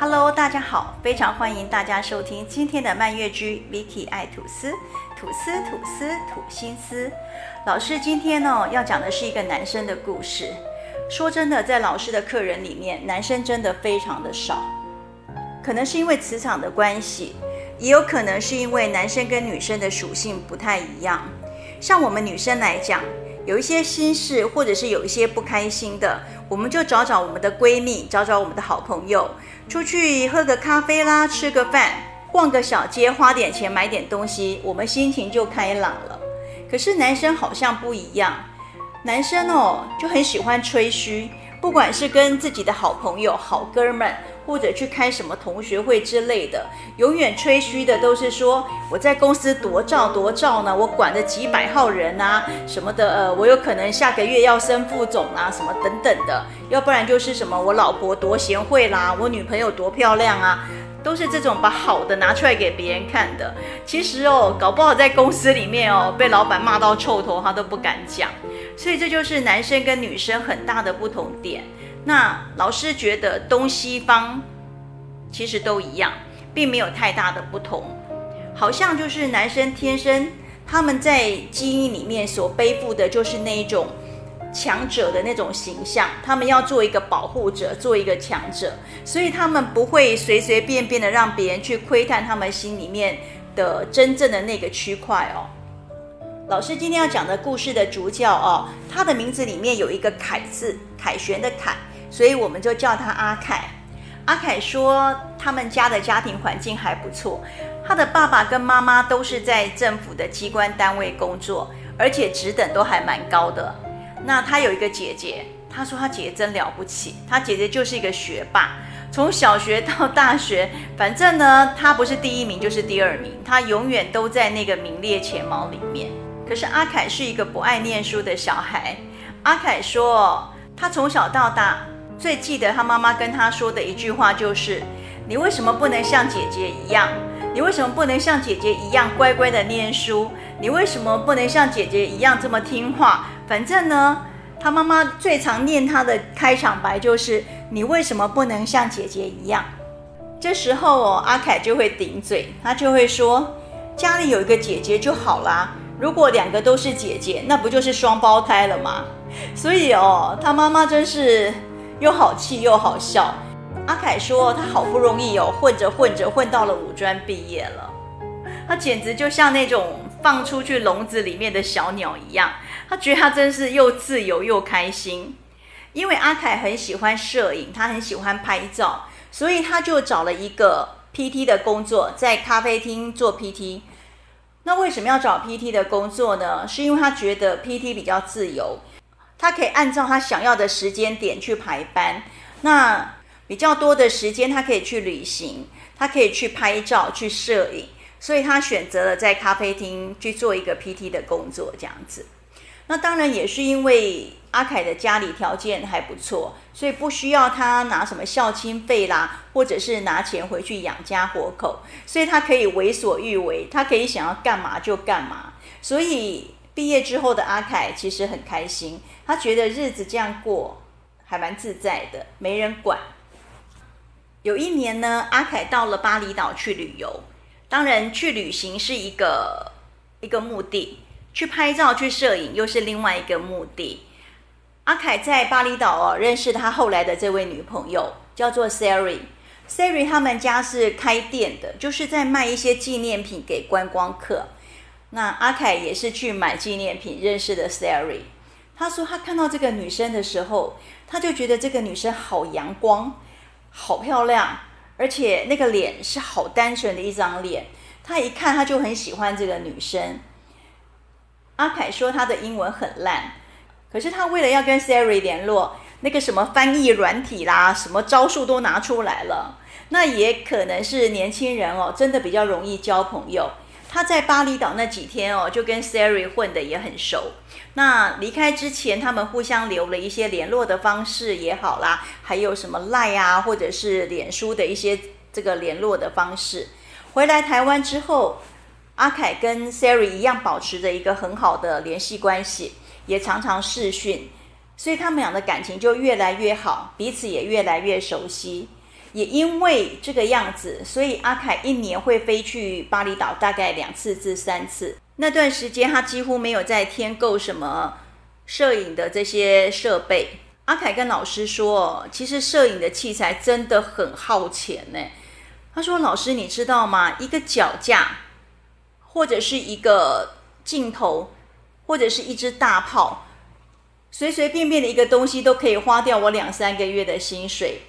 Hello，大家好，非常歡迎大家收聽今天的《曼月居 Vicky 愛吐司》，吐司吐司、吐心思。老師今天呢、哦、要講的是一個男生的故事。說真的，在老師的客人裡面，男生真的非常的少，可能是因為磁場的關係，也有可能是因為男生跟女生的屬性不太一樣。像我們女生來講，有一些心事或者是有一些不開心的，我們就找找我們的閨蜜，找找我們的好朋友。出去喝個咖啡啦，吃個飯，逛個小街，花點錢買點東西，我們心情就開朗了。可是男生好像不一樣，男生哦，就很喜歡吹噓。不管是跟自己的好朋友、好哥們，或者去開什麼同學會之類的，永遠吹噓的都是說我在公司多照多照呢，我管着幾百號人啊什麼的，呃，我有可能下個月要升副總啊什麼等等的，要不然就是什麼我老婆多賢惠啦，我女朋友多漂亮啊，都是這種把好的拿出來給別人看的。其實哦，搞不好在公司裡面哦，被老板罵到臭頭，他都不敢講。所以這就是男生跟女生很大的不同點。那老師覺得東西方其實都一樣，並沒有太大的不同。好像就是男生天生他們在基因裡面所背負的就是那一種強者的那種形象，他們要做一個保護者，做一個強者，所以他們不會隨隨便便的讓別人去窺探他們心裡面的真正的那個區塊哦。老師今天要講的故事的主角哦，他的名字裡面有一個“凱”字，凱旋的“凱”，所以我們就叫他阿凱。阿凱說，他們家的家庭環境還不錯，他的爸爸跟媽媽都是在政府的機關單位工作，而且職等都還蠻高的。那他有一個姐姐，他說他姐姐真了不起，他姐姐就是一個學霸，從小學到大學，反正呢，他不是第一名就是第二名，他永遠都在那個名列前茅裡面。可是阿凱是一個不愛念書的小孩。阿凱說，哦，他從小到大最記得他媽媽跟他說的一句話，就是：“你為什麼不能像姐姐一樣？你為什麼不能像姐姐一樣乖乖的念書？你為什麼不能像姐姐一樣這麼聽話？”反正呢，他媽媽最常念他的開場白就是：“你為什麼不能像姐姐一樣？”這時候哦，阿凱就會頂嘴，他就會說：“家裡有一個姐姐就好啦。”如果兩個都是姐姐，那不就是雙胞胎了嗎？所以哦，他媽媽真是又好氣又好笑。阿凱說，他好不容易有、哦、混着混着混到了五專畢業了，他簡直就像那種放出去籠子裡面的小鳥一樣。他覺得他真是又自由又開心，因為阿凱很喜歡攝影，他很喜歡拍照，所以他就找了一個 PT 的工作，在咖啡廳做 PT。那為什麼要找 PT 的工作呢？是因為他覺得 PT 比較自由，他可以按照他想要的時間點去排班，那比較多的時間他可以去旅行，他可以去拍照、去攝影，所以他選擇了在咖啡廳去做一個 PT 的工作，這樣子。那當然也是因為阿凱的家裡條件還不錯，所以不需要他拿什麼孝親費啦，或者是拿錢回去養家活口，所以他可以為所欲為，他可以想要幹嘛就幹嘛。所以畢業之後的阿凱其實很開心，他覺得日子這樣過還蠻自在的，沒人管。有一年呢，阿凱到了巴厘島去旅遊，當然去旅行是一個一個目的。去拍照、去攝影，又是另外一個目的。阿凱在巴厘島哦，認識他後來的這位女朋友，叫做 Seri。Seri 他們家是開店的，就是在賣一些紀念品給觀光客。那阿凱也是去買紀念品認識的 Seri。他說他看到這個女生的時候，他就覺得這個女生好陽光、好漂亮，而且那個臉是好單純的一張臉。他一看，他就很喜歡這個女生。阿凱說他的英文很爛，可是他為了要跟 Siri 聯絡，那個什麼翻譯軟體啦，什麼招數都拿出來了。那也可能是年輕人哦，真的比較容易交朋友。他在巴厘島那幾天哦，就跟 Siri 混得也很熟。那離開之前，他們互相留了一些聯絡的方式也好啦，還有什麼 Line 啊，或者是臉書的一些這個聯絡的方式。回來台灣之後，阿凱跟 Siri 一樣保持着一個很好的聯繫關係，也常常視訊，所以他們倆的感情就越來越好，彼此也越來越熟悉。也因為這個樣子，所以阿凱一年會飛去巴厘島大概兩次至三次。那段時間他幾乎沒有再添購什麼攝影的這些設備。阿凱跟老師說：“其實攝影的器材真的很耗錢呢。”他說：“老師，你知道嗎？一個腳架。”或者是一個鏡頭，或者是一支大炮，隨隨便便的一個東西都可以花掉我兩三個月的薪水。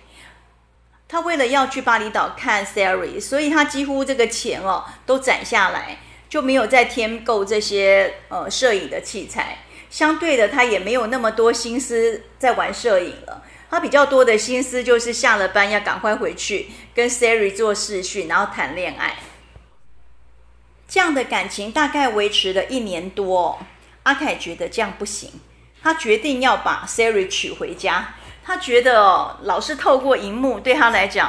他為了要去巴厘島看 Siri，所以他幾乎這個錢哦都攢下來，就沒有再添購這些呃攝影的器材。相對的，他也沒有那麼多心思在玩攝影了。他比較多的心思就是下了班要趕快回去跟 Siri 做視訊，然後談戀愛。這樣的感情大概維持了一年多哦，阿凱覺得這樣不行，他決定要把 Siri 娶回家。他覺得哦，老是透過熒幕對他來講，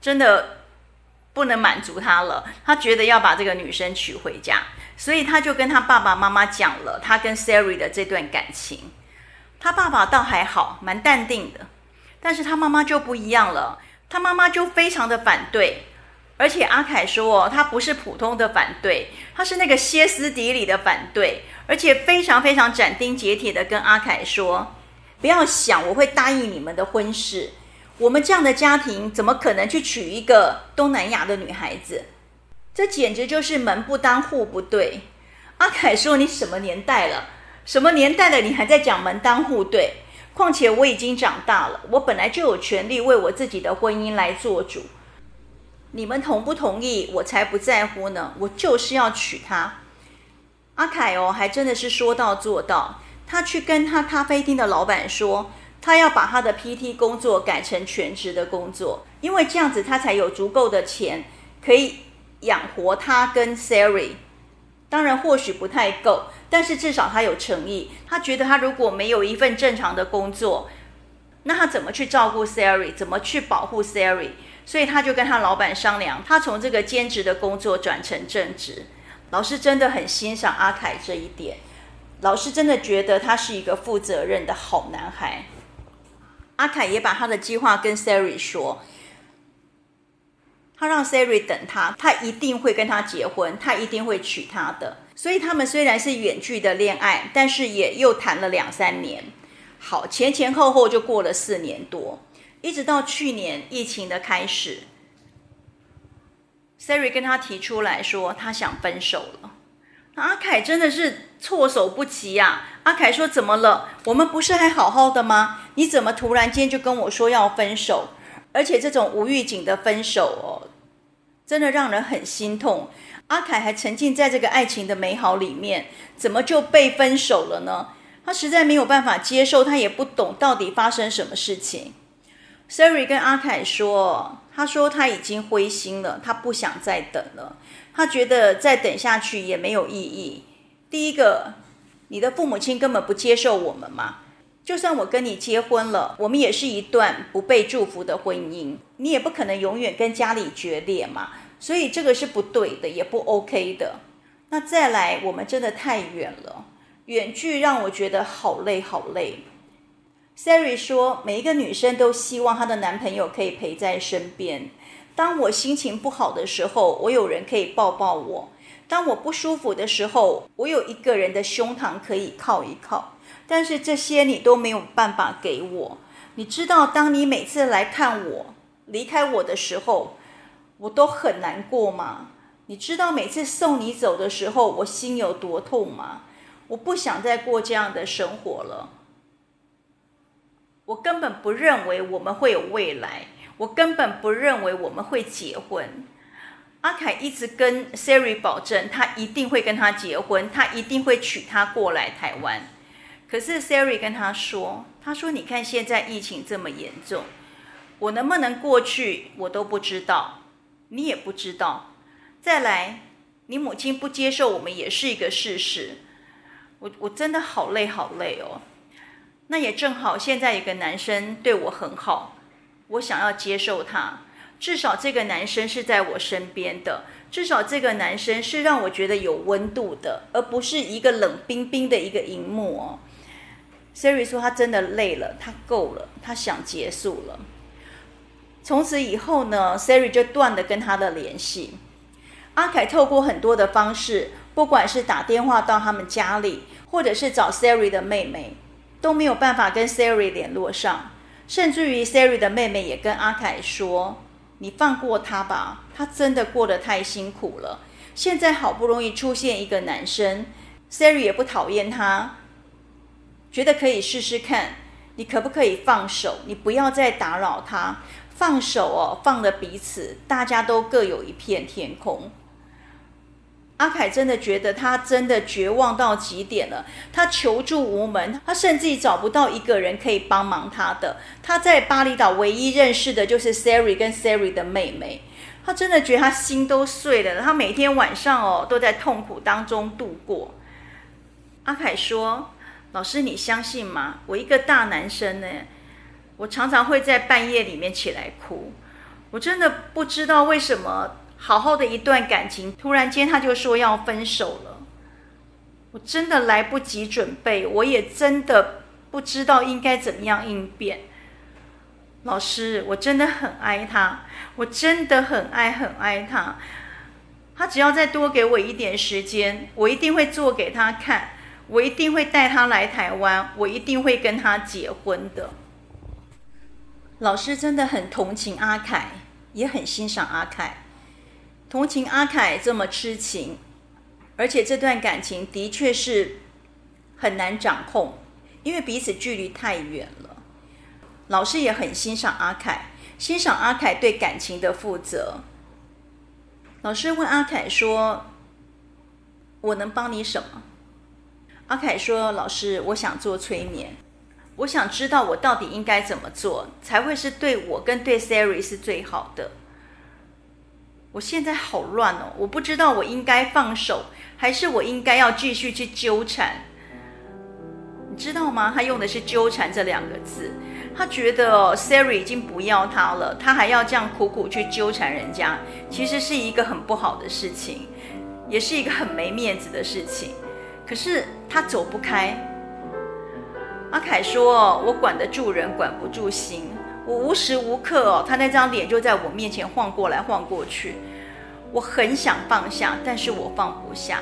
真的不能滿足他了。他覺得要把這個女生娶回家，所以他就跟他爸爸媽媽講了他跟 Siri 的這段感情。他爸爸倒還好，蠻淡定的，但是他媽媽就不一樣了，他媽媽就非常的反對。而且阿凱說：“哦，他不是普通的反對，他是那個歇斯底里的反對，而且非常非常斬釘截鐵的跟阿凱說，不要想我會答應你們的婚事。我們這樣的家庭怎麼可能去娶一個東南亞的女孩子？這簡直就是門不當戶不對。”阿凱說：“你什麼年代了？什麼年代了？你還在講門當戶對？況且我已經長大了，我本來就有權利為我自己的婚姻來做主。”你們同不同意？我才不在乎呢！我就是要娶她。阿凱哦，還真的是說到做到。他去跟他咖啡廳的老闆說，他要把他的 PT 工作改成全職的工作，因為這樣子他才有足夠的錢可以養活他跟 Siri。當然，或許不太夠，但是至少他有誠意。他覺得他如果沒有一份正常的工作，那他怎麼去照顧 Siri？怎麼去保護 Siri？所以他就跟他老闆商量，他從這個兼職的工作轉成正職。老師真的很欣賞阿凱這一點，老師真的覺得他是一個負責任的好男孩。阿凱也把他的計劃跟 Siri 說，他讓 Siri 等他，他一定會跟他結婚，他一定會娶她的。所以他們雖然是遠距的戀愛，但是也又談了兩三年，好，前前後後就過了四年多。一直到去年疫情的開始，Siri 跟他提出來說他想分手了。那阿凱真的是措手不及呀、啊！阿凱說：“怎麼了？我們不是還好好的嗎？你怎麼突然間就跟我說要分手？而且這種無預警的分手哦，真的讓人很心痛。”阿凱還沉浸在這個愛情的美好裡面，怎麼就被分手了呢？他實在沒有辦法接受，他也不懂到底發生什麼事情。Siri 跟阿凱說：“他說他已經灰心了，他不想再等了。他覺得再等下去也沒有意義。第一個，你的父母親根本不接受我們嘛。就算我跟你結婚了，我們也是一段不被祝福的婚姻。你也不可能永遠跟家裡決裂嘛。所以這個是不對的，也不 OK 的。那再來，我們真的太遠了，遠距讓我覺得好累，好累。” Sary 說：“每一個女生都希望她的男朋友可以陪在身邊。當我心情不好的時候，我有人可以抱抱我；當我不舒服的時候，我有一個人的胸膛可以靠一靠。但是這些你都沒有辦法給我。你知道，當你每次來看我、離開我的時候，我都很難過嗎？你知道每次送你走的時候，我心有多痛嗎？我不想再過這樣的生活了。”我根本不認為我們會有未來，我根本不認為我們會結婚。阿凱一直跟 Siri 保證，他一定會跟他結婚，他一定會娶她過來台灣。可是 Siri 跟他說：“他說，你看現在疫情這麼嚴重，我能不能過去，我都不知道，你也不知道。再來，你母親不接受我們也是一個事實。我我真的好累，好累哦。”那也正好，現在一個男生對我很好，我想要接受他。至少這個男生是在我身邊的，至少這個男生是讓我覺得有溫度的，而不是一個冷冰冰的一個熒幕哦。Siri 說他真的累了，他夠了，他想結束了。從此以後呢，Siri 就斷了跟他的聯繫。阿凱透過很多的方式，不管是打電話到他們家裡，或者是找 Siri 的妹妹。都沒有辦法跟 Siri 聯絡上，甚至於 Siri 的妹妹也跟阿凱說：“你放過他吧，他真的過得太辛苦了。現在好不容易出現一個男生，Siri 也不討厭他，覺得可以試試看，你可不可以放手？你不要再打擾他，放手哦，放了彼此，大家都各有一片天空。”阿凱真的覺得他真的絕望到極點了，他求助無門，他甚至找不到一個人可以幫忙他的。他在巴厘島唯一認識的就是 Siri 跟 Siri 的妹妹，他真的覺得他心都碎了。他每天晚上哦都在痛苦當中度過。阿凱說：“老師，你相信嗎？我一個大男生呢，我常常會在半夜裡面起來哭，我真的不知道為什麼。”好好的一段感情，突然間他就說要分手了。我真的來不及準備，我也真的不知道應該怎麼樣應變。老師，我真的很愛他，我真的很愛很愛他。他只要再多給我一點時間，我一定會做給他看，我一定會帶他來台灣，我一定會跟他結婚的。老師真的很同情阿凱，也很欣賞阿凱。同情阿凱這麼痴情，而且這段感情的確是很難掌控，因為彼此距離太遠了。老師也很欣賞阿凱，欣賞阿凱對感情的負責。老師問阿凱說：“我能幫你什麼？”阿凱說：“老師，我想做催眠，我想知道我到底應該怎麼做，才會是對我跟對 Siri 是最好的。”我現在好亂哦，我不知道我應該放手，還是我應該要繼續去糾纏？你知道嗎？他用的是“糾纏”這兩個字，他覺得 Siri 已經不要他了，他還要這樣苦苦去糾纏人家，其實是一個很不好的事情，也是一個很沒面子的事情。可是他走不開。阿凱說：“我管得住人，管不住心。”我無時無刻哦，他那張臉就在我面前晃過來晃過去，我很想放下，但是我放不下，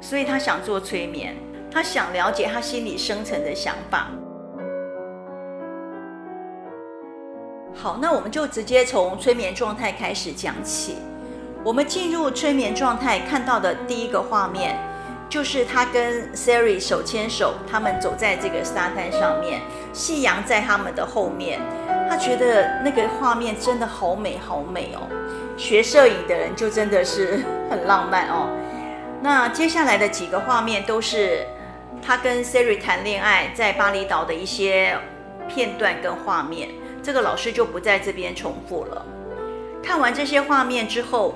所以他想做催眠，他想了解他心裡深層的想法。好，那我們就直接從催眠狀態開始講起。我們進入催眠狀態看到的第一個畫面。就是他跟 Siri 手牽手，他們走在這個沙灘上面，夕陽在他們的後面。他覺得那個畫面真的好美，好美哦！學攝影的人就真的是很浪漫哦。那接下來的幾個畫面都是他跟 Siri 談戀愛在巴厘島的一些片段跟畫面。這個老師就不在這邊重複了。看完這些畫面之後，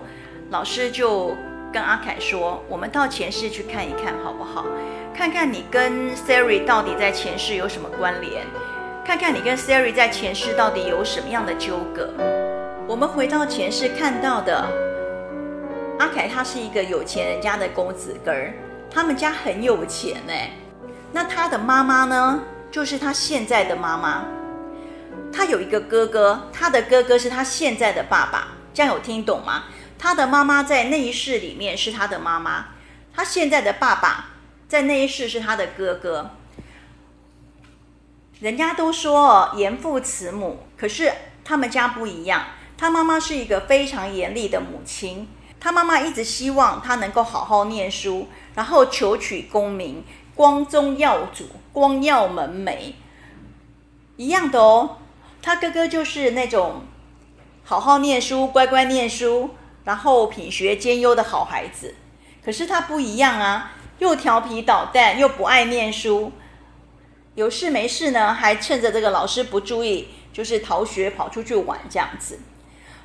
老師就。跟阿凱說，我們到前世去看一看好不好？看看你跟 Siri 到底在前世有什麼關聯，看看你跟 Siri 在前世到底有什麼樣的糾葛。我們回到前世看到的，阿凱他是一個有錢人家的公子哥，他們家很有錢哎、欸。那他的媽媽呢，就是他現在的媽媽。他有一個哥哥，他的哥哥是他現在的爸爸。這樣有聽懂嗎？他的媽媽在那一世裡面是他的媽媽，他現在的爸爸在那一世是他的哥哥。人家都說哦，嚴父慈母，可是他們家不一樣。他媽媽是一個非常嚴厲的母親，他媽媽一直希望他能夠好好念書，然後求取功名，光宗耀祖，光耀門楣。一樣的哦，他哥哥就是那種好好念書，乖乖念書。然後品學兼優的好孩子，可是他不一樣啊，又調皮搗蛋，又不愛念書，有事沒事呢，還趁着這個老師不注意，就是逃學跑出去玩這樣子。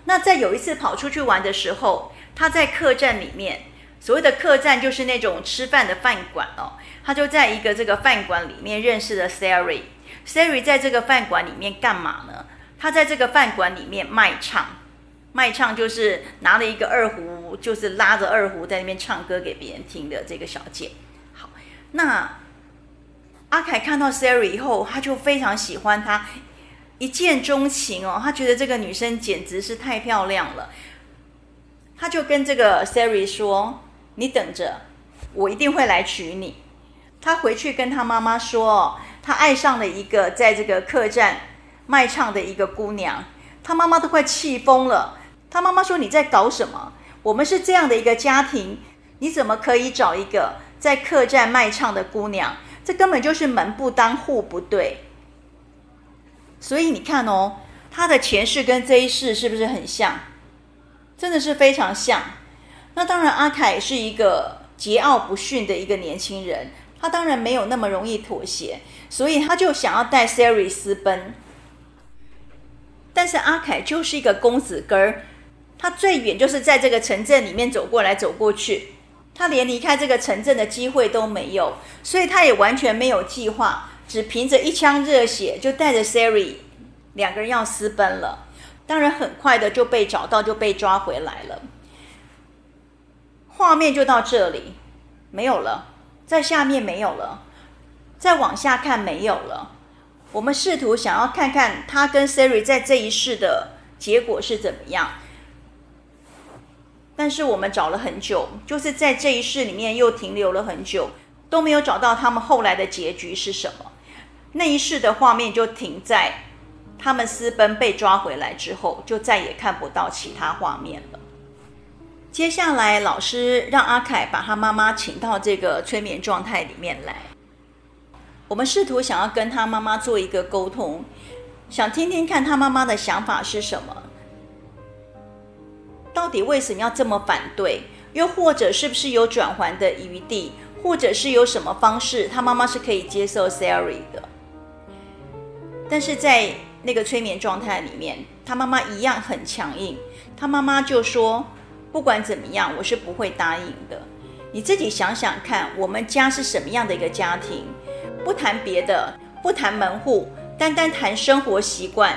那在有一次跑出去玩的時候，他在客棧裡面，所謂的客棧就是那種吃飯的飯館哦，他就在一個這個飯館裡面認識了 Siri。Siri 在這個飯館裡面幹嘛呢？他在這個飯館裡面賣唱。賣唱就是拿了一個二胡，就是拉着二胡在那邊唱歌給別人聽的這個小姐。好，那阿凱看到 Siri 以後，他就非常喜歡她，一見鍾情哦。他覺得這個女生簡直是太漂亮了，他就跟這個 Siri 說：“你等着，我一定會來娶你。”他回去跟他媽媽說哦：“他愛上了一個在這個客棧賣唱的一個姑娘。”他媽媽都快氣瘋了。他媽媽說：“你在搞什麼？我們是這樣的一個家庭，你怎麼可以找一個在客棧賣唱的姑娘？這根本就是門不當戶不對。”所以你看哦，他的前世跟這一世是不是很像？真的是非常像。那當然，阿凱是一個桀驁不馴的一個年輕人，他當然沒有那麼容易妥協，所以他就想要帶 Siri 私奔。但是阿凱就是一個公子哥兒。他最遠就是在這個城鎮裡面走過來走過去，他連離開這個城鎮的機會都沒有，所以他也完全沒有計劃，只憑着一腔熱血就帶着 Siri 兩個人要私奔了。當然，很快的就被找到，就被抓回來了。畫面就到這裡，沒有了，在下面沒有了，再往下看沒有了。我們試圖想要看看他跟 Siri 在這一世的結果是怎麼樣。但是我們找了很久，就是在這一世裡面又停留了很久，都沒有找到他們後來的結局是什麼。那一世的畫面就停在他們私奔被抓回來之後，就再也看不到其他畫面了。接下來，老師讓阿凱把他媽媽請到這個催眠狀態裡面來，我們試圖想要跟他媽媽做一個溝通，想聽聽看他媽媽的想法是什麼。到底為什麼要這麼反對？又或者是不是有轉圜的餘地？或者是有什麼方式，他媽媽是可以接受 Siri 的？但是在那個催眠狀態裡面，他媽媽一樣很強硬。他媽媽就說：“不管怎麼樣，我是不會答應的。”你自己想想看，我們家是什麼樣的一個家庭？不談別的，不談門戶，單單談生活習慣，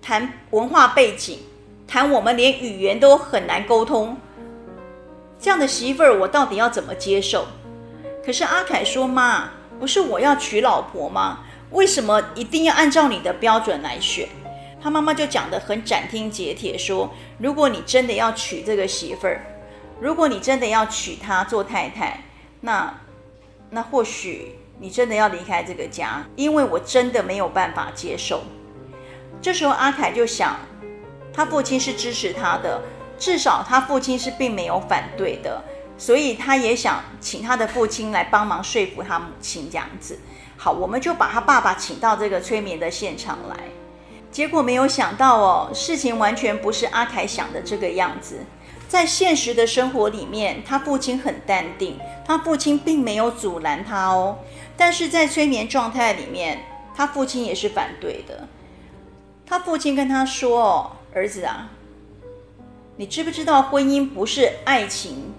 談文化背景。談我們連語言都很難溝通，這樣的媳婦兒，我到底要怎麼接受？可是阿凱說：“媽，不是我要娶老婆嗎？為什麼一定要按照你的標準來選？”他媽媽就講得很斬釘截鐵說：“如果你真的要娶這個媳婦兒，如果你真的要娶她做太太，那那或許你真的要離開這個家，因為我真的沒有辦法接受。”這時候阿凱就想。他父親是支持他的，至少他父親是並沒有反對的，所以他也想請他的父親來幫忙說服他母親這樣子。好，我們就把他爸爸請到這個催眠的現場來。結果沒有想到哦，事情完全不是阿凱想的這個樣子。在現實的生活裡面，他父親很淡定，他父親並沒有阻攔他哦。但是在催眠狀態裡面，他父親也是反對的。他父親跟他說。哦……兒子啊，你知不知道婚姻不是愛情？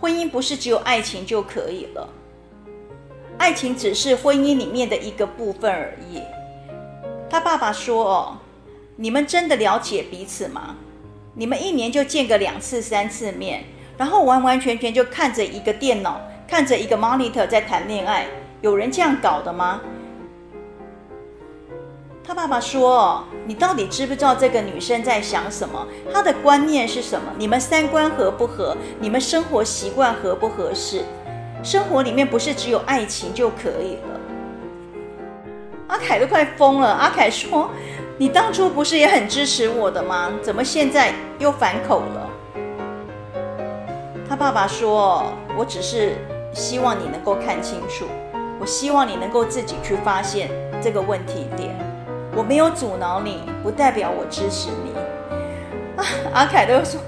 婚姻不是只有愛情就可以了，愛情只是婚姻裡面的一個部分而已。他爸爸說：“哦，你們真的了解彼此嗎？你們一年就見個兩次、三次面，然後完完全全就看着一個電腦、看着一個 monitor 在談戀愛，有人這樣搞的嗎？”他爸爸說：“你到底知不知道這個女生在想什麼？她的觀念是什麼？你們三觀合不合？你們生活習慣合不合適？生活裡面不是只有愛情就可以了。”阿凱都快瘋了。阿凱說：“你當初不是也很支持我的嗎？怎麼現在又反口了？”他爸爸說：“我只是希望你能夠看清楚，我希望你能夠自己去發現這個問題點。”我沒有阻撓你，不代表我支持你。啊、阿凱都說，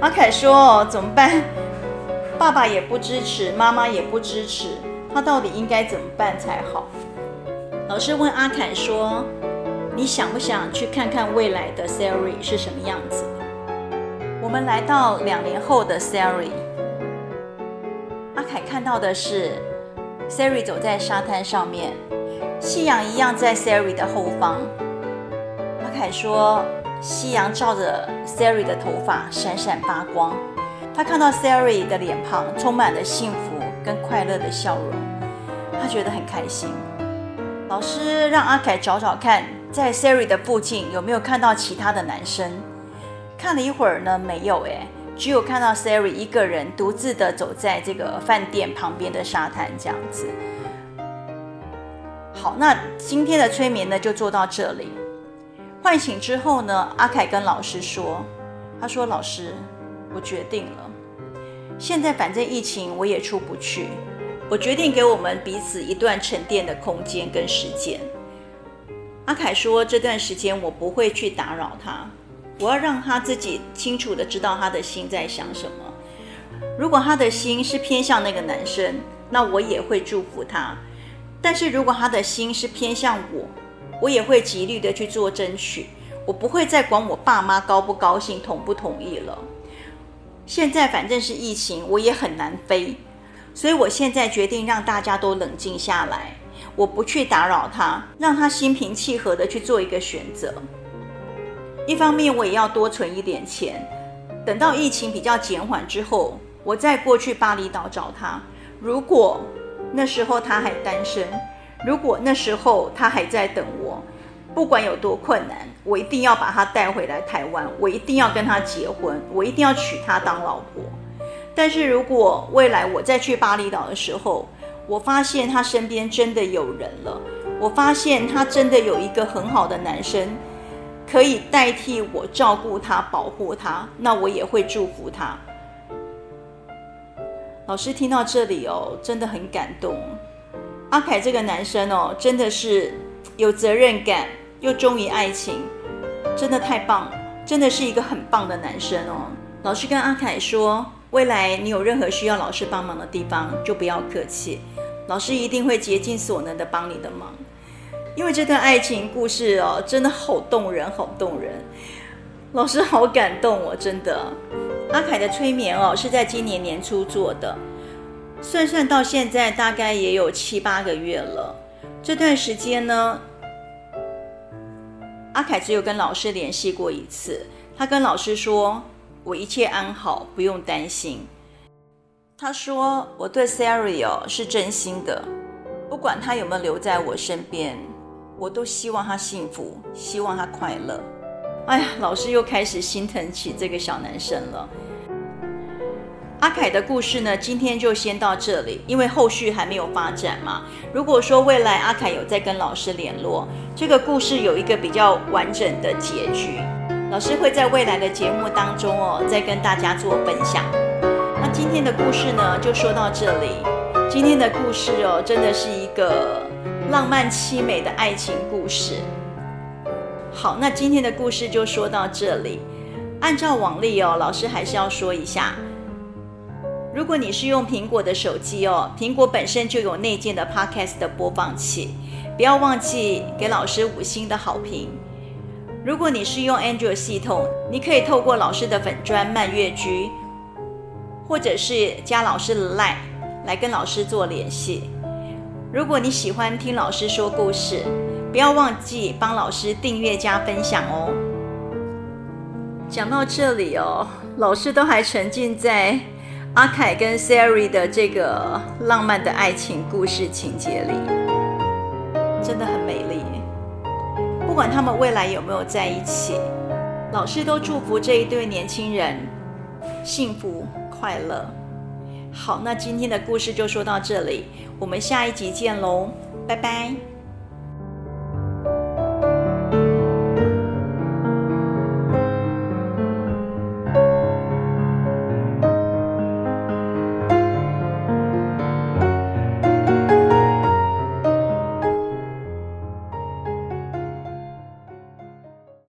阿凱說怎麼辦？爸爸也不支持，媽媽也不支持，他到底應該怎麼辦才好？老師問阿凱說：“你想不想去看看未來的 Sarah 是什麼樣子？”我們來到兩年後的 Sarah，阿凱看到的是 Sarah 走在沙灘上面。夕陽一樣在 Sherry 的後方。阿凱說：“夕陽照着 Sherry 的頭髮，閃閃發光。他看到 Sherry 的臉龐，充滿了幸福跟快樂的笑容。他覺得很開心。老師讓阿凱找找看，在 Sherry 的附近有沒有看到其他的男生。看了一會兒呢，沒有哎，只有看到 Sherry 一個人獨自的走在這個飯店旁邊的沙灘這樣子。”好，那今天的催眠呢就做到這裡。喚醒之後呢，阿凱跟老師說：“他說老師，我決定了。現在反正疫情我也出不去，我決定給我們彼此一段沉澱的空間跟時間。”阿凱說：“這段時間我不會去打擾他，我要讓他自己清楚地知道他的心在想什麼。如果他的心是偏向那個男生，那我也會祝福他。”但是如果他的心是偏向我，我也會極力的去做爭取，我不會再管我爸媽高不高興、同不同意了。現在反正是疫情，我也很難飛，所以我現在決定讓大家都冷靜下來，我不去打擾他，讓他心平氣和的去做一個選擇。一方面我也要多存一點錢，等到疫情比較減緩之後，我再過去巴厘島找他。如果那時候他還單身。如果那時候他還在等我，不管有多困難，我一定要把他帶回來台灣，我一定要跟他結婚，我一定要娶他當老婆。但是如果未來我再去巴厘島的時候，我發現他身邊真的有人了，我發現他真的有一個很好的男生可以代替我照顧他、保護他，那我也會祝福他。老師聽到這裡哦，真的很感動。阿凱這個男生哦，真的是有責任感，又忠於愛情，真的太棒了，真的是一個很棒的男生哦。老師跟阿凱說，未來你有任何需要老師幫忙的地方，就不要客氣，老師一定會竭盡所能地幫你的忙。因為這段愛情故事哦，真的好動人，好動人。老師好感動哦，真的。阿凱的催眠哦，是在今年年初做的，算算到現在大概也有七八個月了。這段時間呢，阿凱只有跟老師聯繫過一次，他跟老師說：“我一切安好，不用擔心。”他說：“我對 Sario，哦，是真心的，不管他有沒有留在我身邊，我都希望他幸福，希望他快樂。”哎呀，老師又開始心疼起這個小男生了。阿凱的故事呢，今天就先到這裡，因為後續還沒有發展嘛。如果說未來阿凱有再跟老師聯絡，這個故事有一個比較完整的結局，老師會在未來的節目當中哦，再跟大家做分享。那今天的故事呢，就說到這裡。今天的故事哦，真的是一個浪漫淒美的愛情故事。好，那今天的故事就說到這裡。按照往例哦，老師還是要說一下：如果你是用蘋果的手機哦，蘋果本身就有內建的 Podcast 的播放器，不要忘記給老師五星的好評。如果你是用 Android 系統，你可以透過老師的粉專慢樂居，或者是加老師的 Line 來跟老師做聯繫。如果你喜歡聽老師說故事，不要忘記幫老師訂閱加分享哦。講到這裡哦，老師都還沉浸在阿凱跟 Siri 的這個浪漫的愛情故事情節裡，真的很美麗。不管他們未來有沒有在一起，老師都祝福這一對年輕人幸福快樂。好，那今天的故事就說到這裡，我們下一集見嘍，拜拜。